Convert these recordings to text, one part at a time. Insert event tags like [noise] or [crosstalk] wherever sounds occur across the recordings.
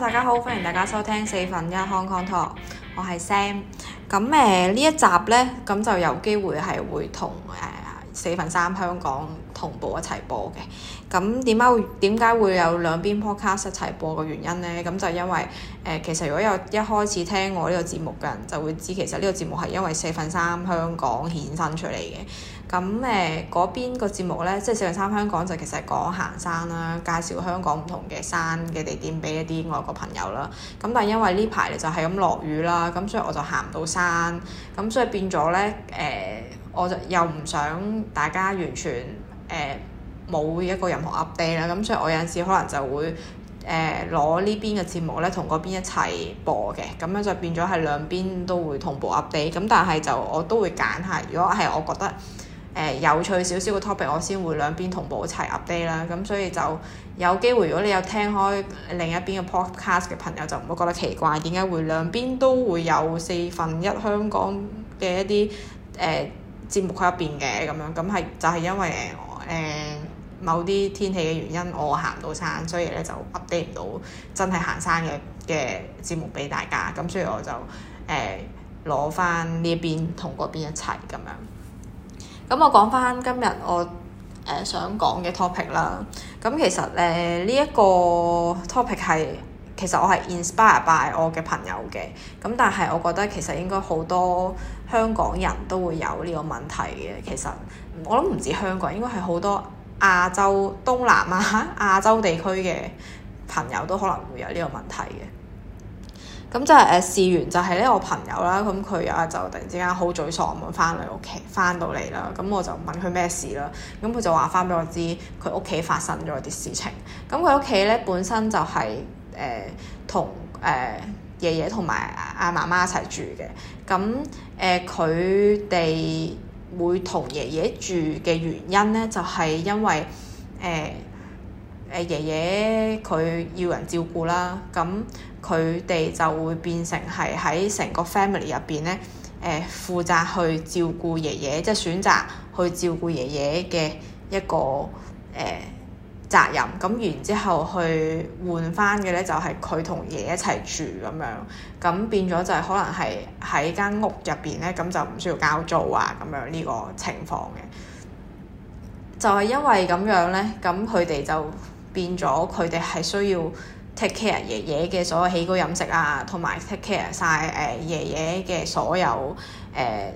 大家好，歡迎大家收聽四分一 Hong Kong Talk，我係 Sam。咁誒呢一集呢，咁就有機會係會同誒四分三香港同步一齊播嘅。咁點解點解會有兩邊 podcast 一齊播嘅原因呢？咁就因為誒、呃，其實如果有一開始聽我呢個節目嘅人就會知，其實呢個節目係因為四分三香港衍生出嚟嘅。咁誒嗰邊個節目咧，即係四分三香港就其實係講行山啦，介紹香港唔同嘅山嘅地點俾一啲外國朋友啦。咁但係因為呢排就係咁落雨啦，咁所以我就行唔到山，咁所以變咗咧誒，我就又唔想大家完全誒冇、呃、一個任何 update 啦。咁所以我有陣時可能就會誒攞呢邊嘅節目咧，同嗰邊一齊播嘅，咁樣就變咗係兩邊都會同步 update。咁但係就我都會揀下，如果係我覺得，誒、呃、有趣少少嘅 topic，我先會兩邊同步一齊 update 啦。咁所以就有機會，如果你有聽開另一邊嘅 podcast 嘅朋友，就唔會覺得奇怪，點解會兩邊都會有四分一香港嘅一啲誒節目喺入邊嘅咁樣。咁係就係、是、因為誒誒、呃、某啲天氣嘅原因，我行唔到山，所以咧就 update 唔到真係行山嘅嘅節目俾大家。咁所以我就誒攞翻呢一邊同嗰邊一齊咁樣。咁我講翻今日我誒想講嘅 topic 啦。咁其實誒呢一個 topic 係其實我係 inspire by 我嘅朋友嘅。咁但係我覺得其實應該好多香港人都會有呢個問題嘅。其實我諗唔止香港，應該係好多亞洲、東南亞、啊、亞洲地區嘅朋友都可能會有呢個問題嘅。咁就係誒試完就係咧，我朋友啦，咁佢啊就突然之間好沮喪，咁翻嚟屋企，翻到嚟啦，咁我就問佢咩事啦，咁佢就話翻俾我知佢屋企發生咗啲事情。咁佢屋企咧本身就係誒同誒爺爺同埋阿媽媽一齊住嘅。咁誒佢哋會同爺爺住嘅原因咧，就係、是、因為誒。呃誒爺爺佢要人照顧啦，咁佢哋就會變成係喺成個 family 入邊呢，誒、呃、負責去照顧爺爺，即係選擇去照顧爺爺嘅一個誒、呃、責任。咁然之後去換翻嘅呢，就係佢同爺爺一齊住咁樣，咁變咗就係可能係喺間屋入邊呢，咁就唔需要交租啊咁樣呢、這個情況嘅，就係、是、因為咁樣呢，咁佢哋就。變咗佢哋係需要 take care 爺爺嘅所有起居飲食啊，同埋 take care 晒誒爺爺嘅所有誒誒、呃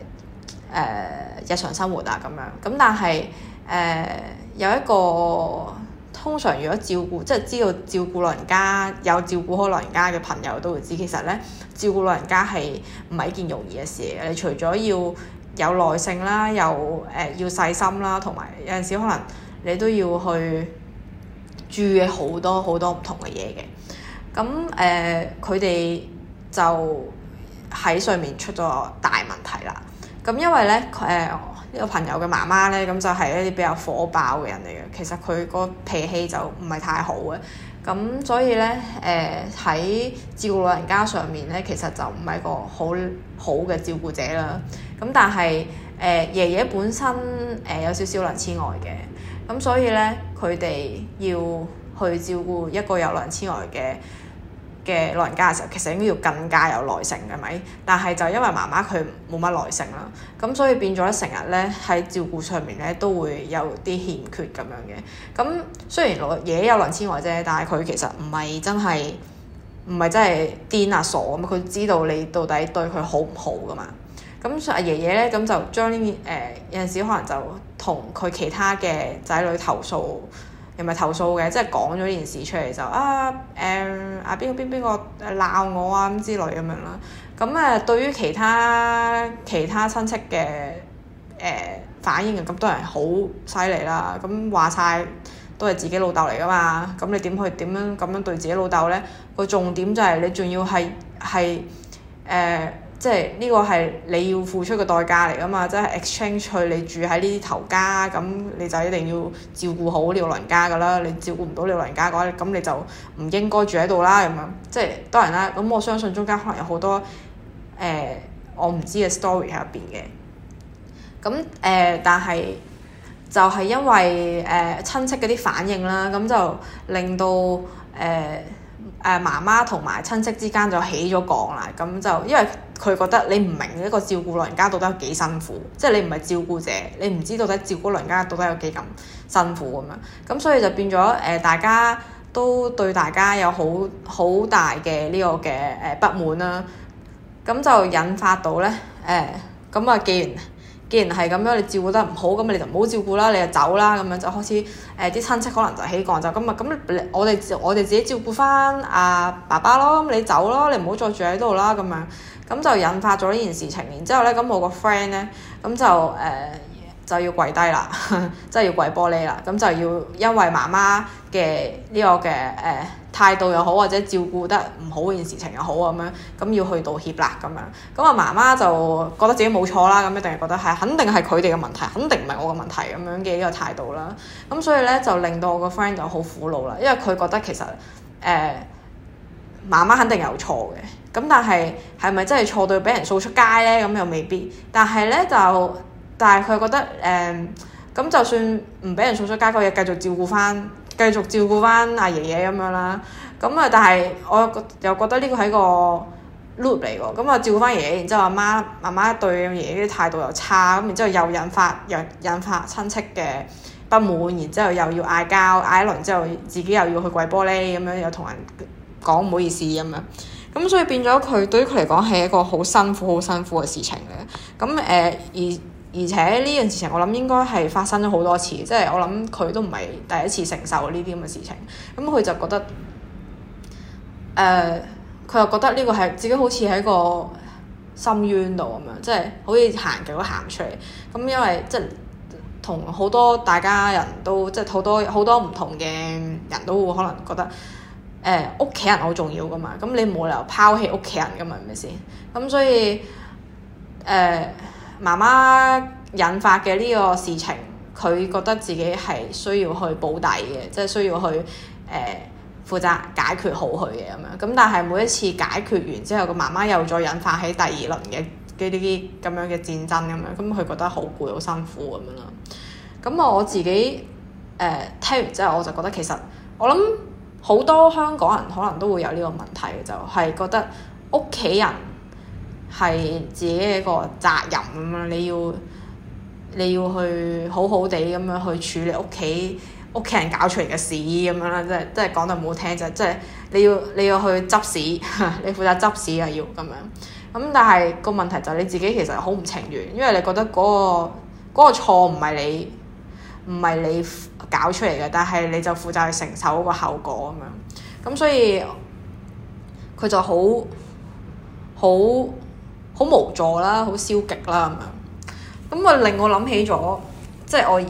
呃、日常生活啊咁樣。咁但係誒、呃、有一個通常如果照顧即係知道照顧老人家有照顧好老人家嘅朋友都會知，其實咧照顧老人家係唔係一件容易嘅事。你除咗要有耐性啦，又誒、呃、要細心啦，同埋有陣時可能你都要去。住嘅好多好多唔同嘅嘢嘅，咁誒佢哋就喺上面出咗大問題啦。咁因為咧誒呢、呃這個朋友嘅媽媽咧，咁就係一啲比較火爆嘅人嚟嘅，其實佢個脾氣就唔係太好嘅，咁所以咧誒喺照顧老人家上面咧，其實就唔係一個好好嘅照顧者啦。咁但係誒、呃、爺爺本身誒、呃、有少少痴呆嘅，咁所以咧。佢哋要去照顧一個有老人痴呆嘅嘅老人家嘅時候，其實應該要更加有耐性，係咪？但係就因為媽媽佢冇乜耐性啦，咁所以變咗成日咧喺照顧上面咧都會有啲欠缺咁樣嘅。咁雖然爺爺有老人痴呆啫，但係佢其實唔係真係唔係真係癲啊傻咁，佢知道你到底對佢好唔好㗎嘛。咁阿爺爺咧，咁就將呢件，誒、呃、有陣時可能就同佢其他嘅仔女投訴，又咪投訴嘅，即係講咗呢件事出嚟就啊誒，阿邊個邊邊個鬧我啊咁之類咁樣啦。咁啊、呃、對於其他其他親戚嘅誒、呃、反應啊，咁多人好犀利啦。咁話晒都係自己老豆嚟噶嘛。咁你點去點樣咁樣對自己老豆咧？個重點就係你仲要係係誒。即係呢、這個係你要付出嘅代價嚟㗎嘛！即係 exchange 佢你住喺呢啲頭家，咁你就一定要照顧好你老人家噶啦。你照顧唔到你老人家嘅話，咁你就唔應該住喺度啦。咁樣即係當然啦。咁我相信中間可能有好多誒、呃、我唔知嘅 story 喺入邊嘅。咁誒、呃，但係就係因為誒親、呃、戚嗰啲反應啦，咁就令到誒誒媽媽同埋親戚之間就起咗槓啦。咁就因為佢覺得你唔明呢個照顧老人家到底有幾辛苦，即係你唔係照顧者，你唔知到底照顧老人家到底有幾咁辛苦咁樣。咁所以就變咗誒、呃，大家都對大家有好好大嘅呢、這個嘅誒、呃、不滿啦。咁就引發到咧誒，咁、欸、啊，既然既然係咁樣，你照顧得唔好，咁你就唔好照顧啦，你就走啦咁樣，就開始誒啲親戚可能就起戇就咁啊，咁我哋我哋自己照顧翻阿爸爸咯，咁你走咯，你唔好再住喺度啦，咁樣。咁就引發咗呢件事情，然之後呢，咁我個 friend 呢，咁就誒、呃、就要跪低啦，即 [laughs] 係要跪玻璃啦，咁就要因為媽媽嘅呢個嘅誒、這個呃、態度又好，或者照顧得唔好件事情又好咁樣，咁要去道歉啦咁樣。咁啊，媽媽就覺得自己冇錯啦，咁一定係覺得係肯定係佢哋嘅問題，肯定唔係我嘅問題咁樣嘅呢個態度啦。咁所以呢，就令到我個 friend 就好苦惱啦，因為佢覺得其實誒媽媽肯定有錯嘅。咁但係係咪真係錯對俾人掃出街咧？咁又未必。但係咧就，但係佢覺得誒咁，嗯、就算唔俾人掃出街，佢又繼續照顧翻，繼續照顧翻阿爺爺咁樣啦。咁啊，但係我又覺得呢個係個 loop 嚟喎。咁啊，照顧翻爺爺，然之後阿媽媽媽對爺爺啲態度又差，咁然之後又引發又引發親戚嘅不滿，然之後又要嗌交，嗌一輪之後自己又要去跪玻璃咁樣，又同人講唔好意思咁樣。咁所以變咗佢對於佢嚟講係一個好辛苦、好辛苦嘅事情咧。咁誒，而而且呢件事情我諗應該係發生咗好多次，即係我諗佢都唔係第一次承受呢啲咁嘅事情。咁佢就覺得，誒，佢又覺得呢個係自己好似喺個深淵度咁樣，即係好似行極都行唔出嚟。咁因為即係同好多大家人都即係好多好多唔同嘅人都會可能覺得。誒，屋企人好重要噶嘛，咁你冇理由拋棄屋企人噶嘛，係咪先？咁所以誒，媽媽引發嘅呢個事情，佢覺得自己係需要去保底嘅，即係需要去誒負、呃、責解決好佢嘅咁樣。咁但係每一次解決完之後，個媽媽又再引發起第二輪嘅呢啲咁樣嘅戰爭咁樣，咁佢覺得好攰好辛苦咁樣啦。咁我自己誒、呃、聽完之後，我就覺得其實我諗。好多香港人可能都會有呢個問題，就係覺得屋企人係自己一個責任咁樣，你要你要去好好地咁樣去處理屋企屋企人搞出嚟嘅事，咁樣啦，即係即係講得唔好聽就即係你要你要去執屎， [laughs] 你負責執屎啊要咁樣。咁但係個問題就係你自己其實好唔情願，因為你覺得嗰個嗰個錯唔係你。唔係你搞出嚟嘅，但係你就負責去承受嗰個後果咁樣，咁所以佢就好好好無助啦，好消極啦咁樣。咁啊令我諗起咗，即係我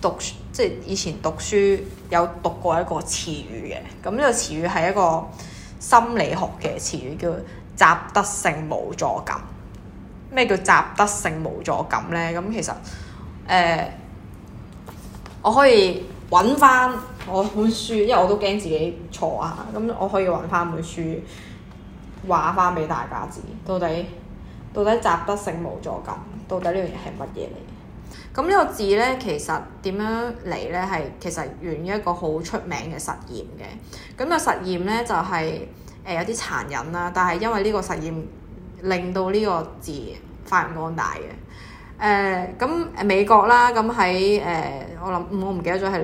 讀即係以前讀書有讀過一個詞語嘅，咁呢個詞語係一個心理學嘅詞語，叫習得性無助感。咩叫習得性無助感咧？咁其實誒。呃我可以揾翻我本書，因為我都驚自己錯啊！咁我可以揾翻本書，話翻俾大家知，到底到底習得性無助感，到底呢樣嘢係乜嘢嚟？咁呢個字呢，其實點樣嚟呢？係其實源於一個好出名嘅實驗嘅。咁、那個實驗呢，就係、是、誒、呃、有啲殘忍啦，但係因為呢個實驗令到呢個字發揚光大嘅。誒咁誒美國啦，咁喺誒我諗我唔記得咗係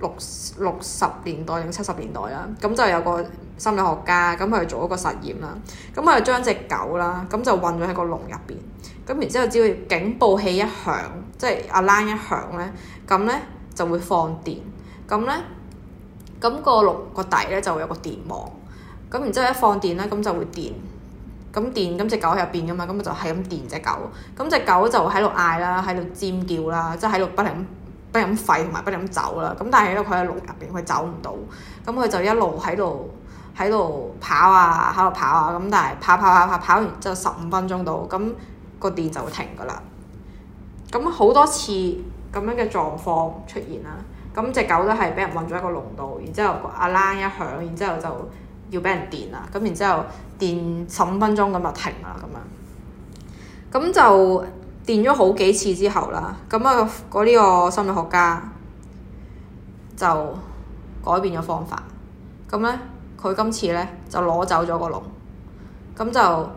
六六十年代定七十年代啦，咁就有個心理學家，咁佢做一個實驗啦，咁佢將隻狗啦，咁就困咗喺個籠入邊，咁然之後只要警報器一響，即係 alarm 一響咧，咁咧就會放電，咁咧咁個籠個底咧就會有個電網，咁然之後一放電咧，咁就會電。咁電咁隻狗喺入邊噶嘛，咁佢就係咁電隻狗，咁隻狗就喺度嗌啦，喺度尖叫啦，即係喺度不停不停咁吠同埋不停咁走啦。咁但係因為佢喺籠入邊，佢走唔到，咁佢就一路喺度喺度跑啊，喺度跑啊。咁但係跑、啊、跑跑、啊、跑跑完之後十五分鐘度，咁、個電就停噶啦。咁好多次咁樣嘅狀況出現啦，咁隻狗都係俾人困咗喺個籠度，然之後個鈴一響，然之後就～要畀人電啊！咁然之後，電十五分鐘咁就停喇。咁樣咁就電咗好幾次之後啦。咁啊，嗰呢個心理學家就改變咗方法。咁呢，佢今次呢就攞走咗個籠，咁就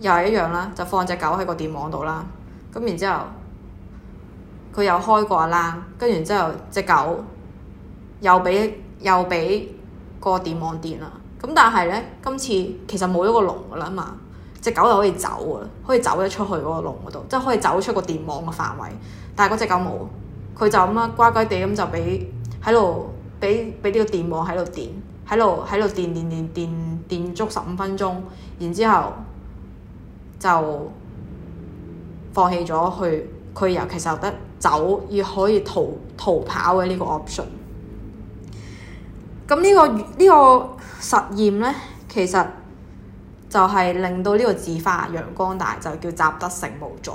又係一樣啦，就放隻狗喺個電網度啦。咁然之後，佢又開過燈，跟住然之後隻狗又畀，又畀個電網電啦。咁但係咧，今次其實冇一個籠噶啦嘛，隻狗就可以走噶，可以走得出去嗰個籠嗰度，即係可以走出個電網嘅範圍。但係嗰隻狗冇，佢就咁啊，乖乖地咁就畀喺度，畀畀呢個電網喺度電，喺度喺度電電電電電足十五分鐘，然之後就放棄咗去佢，尤其是得走而可以逃逃跑嘅呢個 option。咁呢個呢個。這個實驗咧，其實就係令到呢個字發揚光大，就叫習得性無助。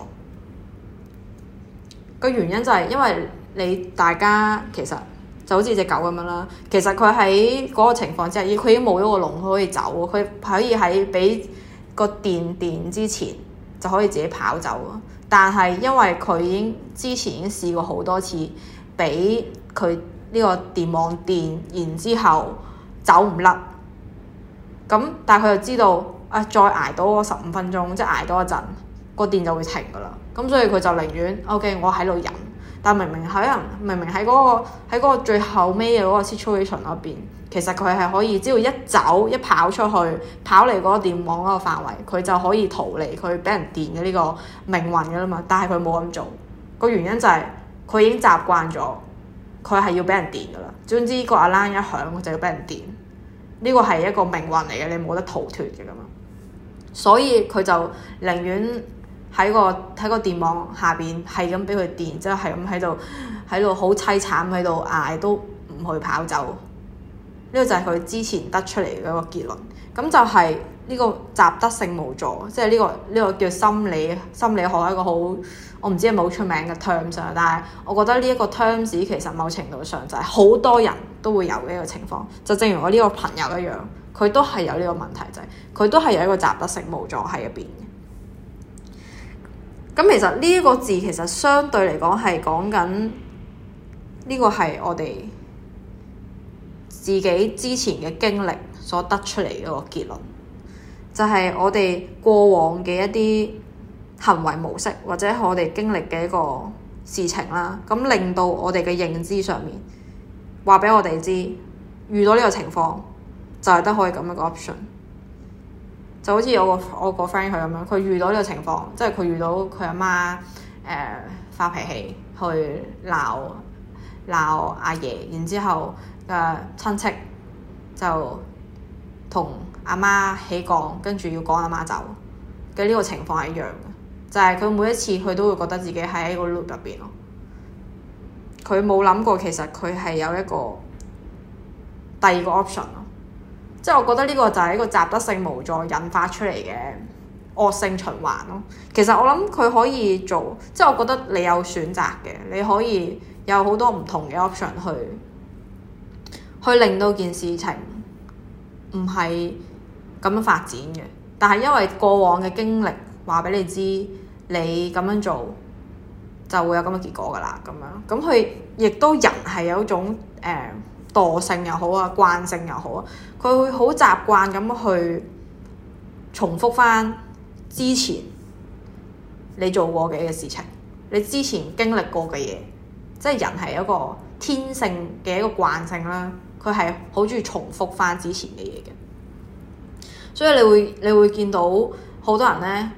個原因就係因為你大家其實就好似隻狗咁樣啦，其實佢喺嗰個情況之下，佢已經冇咗個籠可以走，佢可以喺畀個電電之前就可以自己跑走。但係因為佢已經之前已經試過好多次，畀佢呢個電網電，然之後走唔甩。咁，但係佢就知道啊，再挨多十五分鐘，即係挨多一陣，個電就會停噶啦。咁所以佢就寧願，OK，我喺度忍。但明明喺人，明明喺嗰、嗰個喺嗰個最後尾嘅嗰個 situation 入邊，其實佢係可以，只要一走一跑出去，跑嚟嗰個電網嗰個範圍，佢就可以逃離佢俾人電嘅呢個命運噶啦嘛。但係佢冇咁做，個原因就係佢已經習慣咗，佢係要俾人電噶啦。總之個 alarm 一響，就要俾人電。呢個係一個命運嚟嘅，你冇得逃脫嘅咁啊！所以佢就寧願喺個喺個電網下邊，係咁俾佢電，即係係咁喺度喺度好淒慘喺度嗌，都唔去跑走。呢個就係佢之前得出嚟嘅一個結論。咁就係呢個習得性無助，即係呢個呢個叫做心理心理學係一個好。我唔知係冇出名嘅 terms 上，但係我覺得呢一個 terms 其實某程度上就係好多人都會有嘅一個情況，就正如我呢個朋友一樣，佢都係有呢個問題，就係、是、佢都係有一個習得性無助喺入邊。咁其實呢一個字其實相對嚟講係講緊呢個係我哋自己之前嘅經歷所得出嚟嗰個結論，就係、是、我哋過往嘅一啲。行為模式或者我哋經歷嘅一個事情啦，咁令到我哋嘅認知上面話俾我哋知，遇到呢個情況就係得可以咁一個 option，就好似有個我個 friend 佢咁樣，佢遇到呢個情況，即係佢遇到佢阿媽誒發脾氣去鬧鬧阿爺，然之後嘅親戚就同阿媽起講，跟住要趕阿媽走，跟呢個情況係一樣嘅。就係佢每一次，佢都會覺得自己喺一個 loop 入邊咯。佢冇諗過，其實佢係有一個第二個 option 咯。即係我覺得呢個就係一個習得性無助引發出嚟嘅惡性循環咯。其實我諗佢可以做，即係我覺得你有選擇嘅，你可以有好多唔同嘅 option 去去令到件事情唔係咁樣發展嘅。但係因為過往嘅經歷，話畀你知。你咁樣做就會有咁嘅結果㗎啦，咁樣咁佢亦都人係有一種誒、呃、惰性又好啊，慣性又好啊，佢會好習慣咁去重複翻之前你做過嘅一個事情，你之前經歷過嘅嘢，即係人係一個天性嘅一個慣性啦，佢係好中意重複翻之前嘅嘢嘅，所以你會你會見到好多人咧。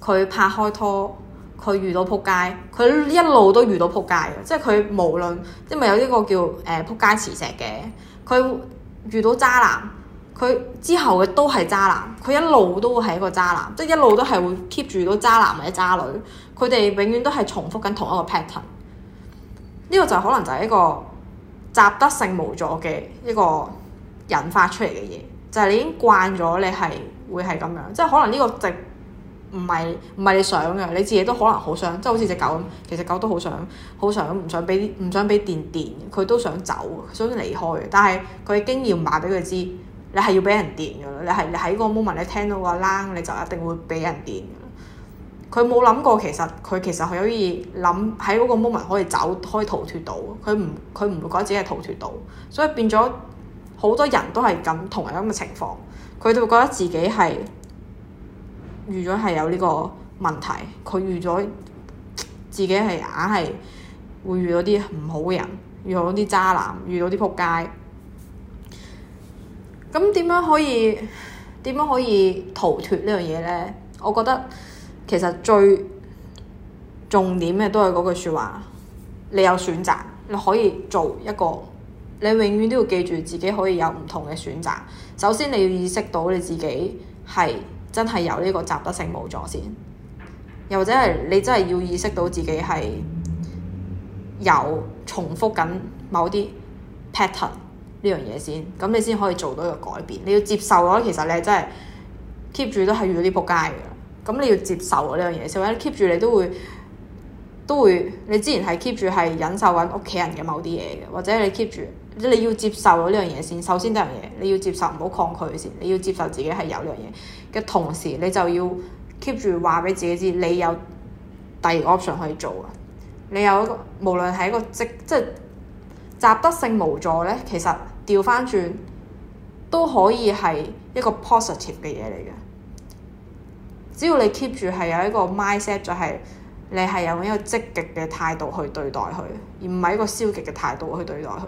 佢拍開拖，佢遇到撲街，佢一路都遇到撲街嘅，即係佢無論，因為有呢個叫誒撲、呃、街磁石嘅，佢遇到渣男，佢之後嘅都係渣男，佢一路都會係一個渣男，即係一路都係會 keep 住到渣男或者渣女，佢哋永遠都係重複緊同一個 pattern。呢、這個就可能就係一個習得性無助嘅一、這個引發出嚟嘅嘢，就係、是、你已經慣咗，你係會係咁樣，即係可能呢個直、就是。唔係唔係你想嘅，你自己都可能好想，即係好似隻狗咁，其實狗都好想，好想唔想俾唔想俾電電，佢都想走，想離開。但係佢經驗話俾佢知，你係要俾人電嘅啦，你係你喺嗰個 moment 你聽到個啷，你就一定會俾人電嘅。佢冇諗過其實佢其實可以諗喺嗰個 moment 可以走，可以逃脫到。佢唔佢唔會覺得自己係逃脫到，所以變咗好多人都係咁同樣咁嘅情況，佢就會覺得自己係。預咗係有呢個問題，佢預咗自己係硬係會遇到啲唔好嘅人，遇到啲渣男，遇到啲撲街。咁點樣可以，點樣可以逃脱呢樣嘢咧？我覺得其實最重點嘅都係嗰句說話，你有選擇，你可以做一個，你永遠都要記住自己可以有唔同嘅選擇。首先你要意識到你自己係。真係有呢個習得性無助先，又或者係你真係要意識到自己係有重複緊某啲 pattern 呢樣嘢先，咁你先可以做到一個改變。你要接受我其實你係真係 keep 住都係遇到呢撲街嘅，咁你要接受呢樣嘢先或者，keep 住你都會。都會，你之前係 keep 住係忍受緊屋企人嘅某啲嘢嘅，或者你 keep 住你要接受到呢樣嘢先。首先呢樣嘢，你要接受唔好抗拒先，你要接受自己係有呢樣嘢嘅同時，你就要 keep 住話俾自己知，你有第二 option 可以做啊！你有無論係一個，一個即即雜得性無助咧，其實調翻轉都可以係一個 positive 嘅嘢嚟嘅。只要你 keep 住係有一個 mindset 就係、是。你係有一個積極嘅態度去對待佢，而唔係一個消極嘅態度去對待佢。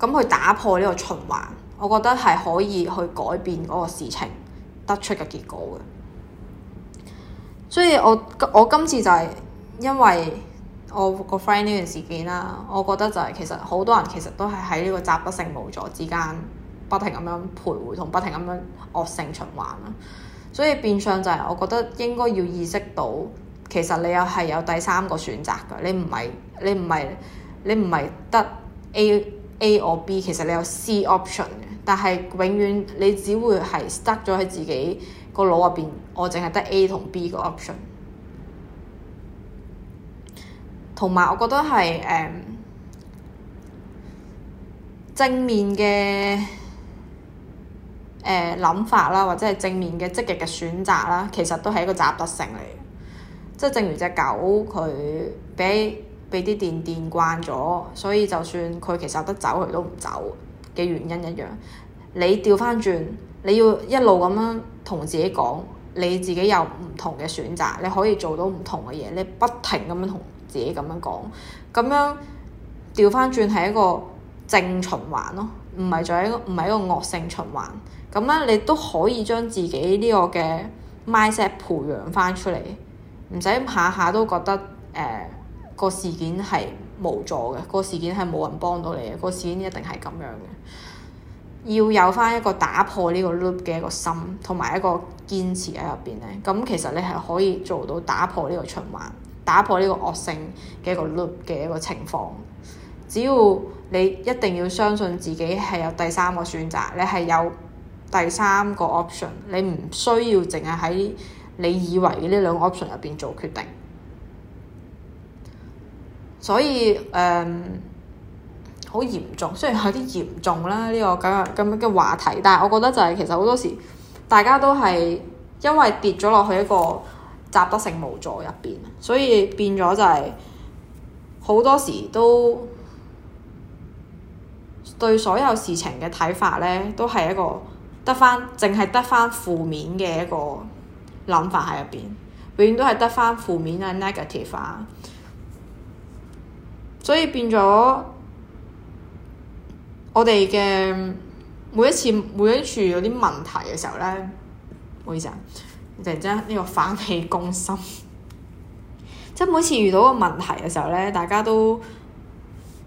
咁去打破呢個循環，我覺得係可以去改變嗰個事情得出嘅結果嘅。所以我我今次就係因為我個 friend 呢段事件啦，我覺得就係其實好多人其實都係喺呢個習得性無助之間，不停咁樣徘徊同不停咁樣惡性循環。所以變相就係，我覺得應該要意識到，其實你又係有第三個選擇㗎。你唔係，你唔係，你唔係得 A A or B，其實你有 C option 但係永遠你只會係 stuck 咗喺自己個腦入邊，我淨係得 A 同 B 個 option。同埋我覺得係誒、um, 正面嘅。誒諗、呃、法啦，或者係正面嘅積極嘅選擇啦，其實都係一個習得性嚟嘅。即係正如隻狗佢畀俾啲電電慣咗，所以就算佢其實有得走，佢都唔走嘅原因一樣。你調翻轉，你要一路咁樣同自己講，你自己有唔同嘅選擇，你可以做到唔同嘅嘢。你不停咁樣同自己咁樣講，咁樣調翻轉係一個正循環咯，唔係仲有一個唔係一個惡性循環。咁咧，你都可以將自己呢個嘅 mindset 培養翻出嚟，唔使下下都覺得誒個事件係無助嘅，個事件係冇人幫到你嘅，個事件一定係咁樣嘅。要有翻一個打破呢個 loop 嘅一個心，同埋一個堅持喺入邊咧。咁其實你係可以做到打破呢個循環，打破呢個惡性嘅一個 loop 嘅一個情況。只要你一定要相信自己係有第三個選擇，你係有。第三個 option，你唔需要淨係喺你以為嘅呢兩個 option 入邊做決定。所以誒，好、嗯、嚴重，雖然有啲嚴重啦，呢、這個咁樣咁樣嘅話題，但係我覺得就係、是、其實好多時大家都係因為跌咗落去一個習得性無助入邊，所以變咗就係、是、好多時都對所有事情嘅睇法咧，都係一個。得翻，淨係得翻負面嘅一個諗法喺入邊，永遠都係得翻負面嘅 negative 啊，所以變咗我哋嘅每一次每一次有啲問題嘅時候咧，唔好意思啊，突然之間呢、呢個反氣攻心， [laughs] 即係每次遇到個問題嘅時候咧，大家都～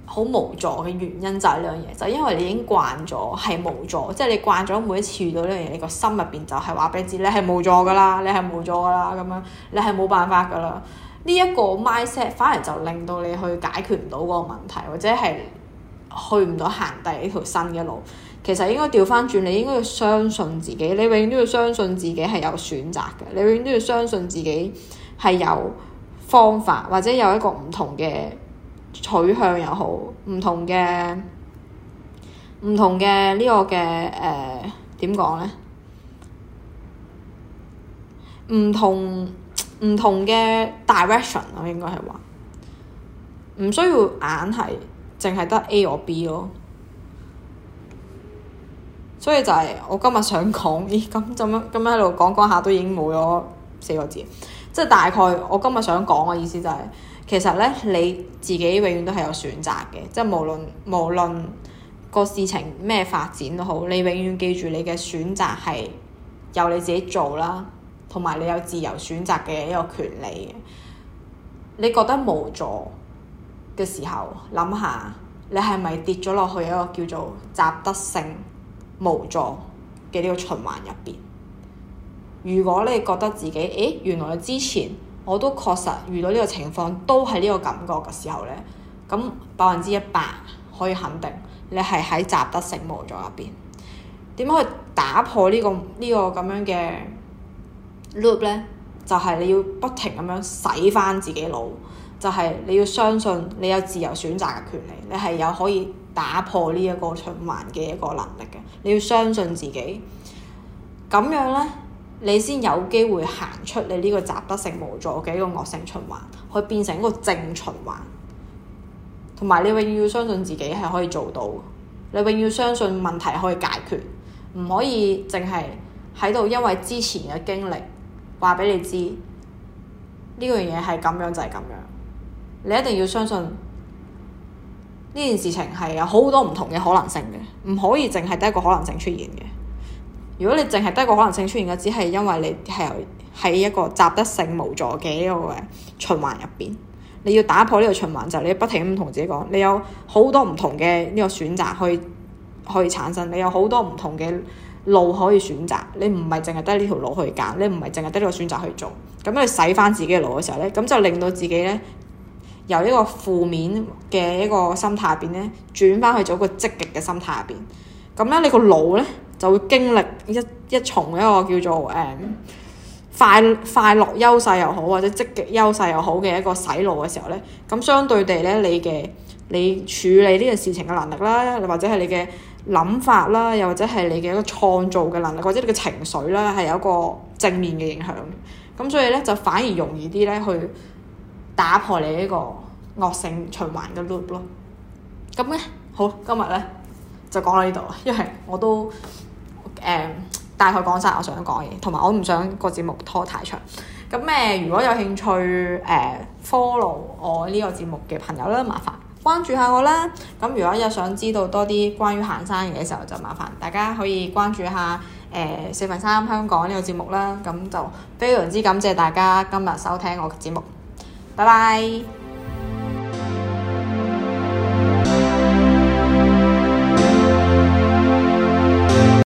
好無助嘅原因就係呢樣嘢，就係、因為你已經慣咗係無助，即係你慣咗每一次遇到呢樣嘢，你個心入邊就係話俾你知你係無助噶啦，你係無助噶啦咁樣，你係冇辦法噶啦。呢一個 mindset 反而就令到你去解決唔到嗰個問題，或者係去唔到行第一條新嘅路。其實應該調翻轉，你應該要相信自己，你永遠都要相信自己係有選擇嘅，你永遠都要相信自己係有方法，或者有一個唔同嘅取向又好，唔同嘅，唔同嘅、呃、呢個嘅誒點講咧？唔同唔同嘅 direction 咯，應該係話，唔需要硬係，淨係得 A 或 B 咯。所以就係我今日想講。咦，咁咁樣咁樣喺度講講下，都已經冇咗四個字，即係大概我今日想講嘅意思就係。其實咧，你自己永遠都係有選擇嘅，即係無論無論個事情咩發展都好，你永遠記住你嘅選擇係由你自己做啦，同埋你有自由選擇嘅一個權利嘅。你覺得無助嘅時候，諗下你係咪跌咗落去一個叫做習得性無助嘅呢個循環入邊？如果你覺得自己，誒，原來之前我都確實遇到呢個情況，都係呢個感覺嘅時候呢。咁百分之一百可以肯定你，你係喺習得性無助入邊。點樣去打破呢、這個呢、這個咁樣嘅 loop 呢？就係你要不停咁樣洗翻自己腦，就係、是、你要相信你有自由選擇嘅權利，你係有可以打破呢一個循環嘅一個能力嘅。你要相信自己，咁樣呢。你先有機會行出你呢個習得性無助嘅一個惡性循環，去變成一個正循環。同埋你永遠要相信自己係可以做到，你永遠要相信問題可以解決，唔可以淨係喺度因為之前嘅經歷話畀你知呢樣嘢係咁樣就係咁樣。你一定要相信呢件事情係有好多唔同嘅可能性嘅，唔可以淨係得一個可能性出現嘅。如果你淨係得一個可能性出現嘅，只係因為你係喺一個習得性無助嘅一個循環入邊。你要打破呢個循環就係你不停咁同自己講，你有好多唔同嘅呢個選擇去可以產生。你有好多唔同嘅路可以選擇。你唔係淨係得呢條路去揀，你唔係淨係得呢個選擇去做。咁你使翻自己嘅腦嘅時候咧，咁就令到自己咧由呢個負面嘅一個心態入邊咧轉翻去咗一個積極嘅心態入邊。咁咧你個腦咧，就會經歷一一重一個叫做誒、啊、快快樂優勢又好，或者積極優勢又好嘅一個洗腦嘅時候呢。咁相對地呢，你嘅你處理呢個事情嘅能力啦，或者係你嘅諗法啦，又或者係你嘅一個創造嘅能力，或者你嘅情緒啦，係有一個正面嘅影響。咁所以呢，就反而容易啲呢去打破你呢個惡性循環嘅 loop 咯。咁呢，好，今日呢就講到呢度，因為我都～誒、嗯、大概講晒我想講嘅嘢，同埋我唔想個節目拖太長。咁誒、呃，如果有興趣誒、呃、follow 我呢個節目嘅朋友啦，麻煩關注下我啦。咁如果有想知道多啲關於行山嘅時候，就麻煩大家可以關注下誒、呃、四分三香港呢個節目啦。咁就非常之感謝大家今日收聽我嘅節目，拜拜。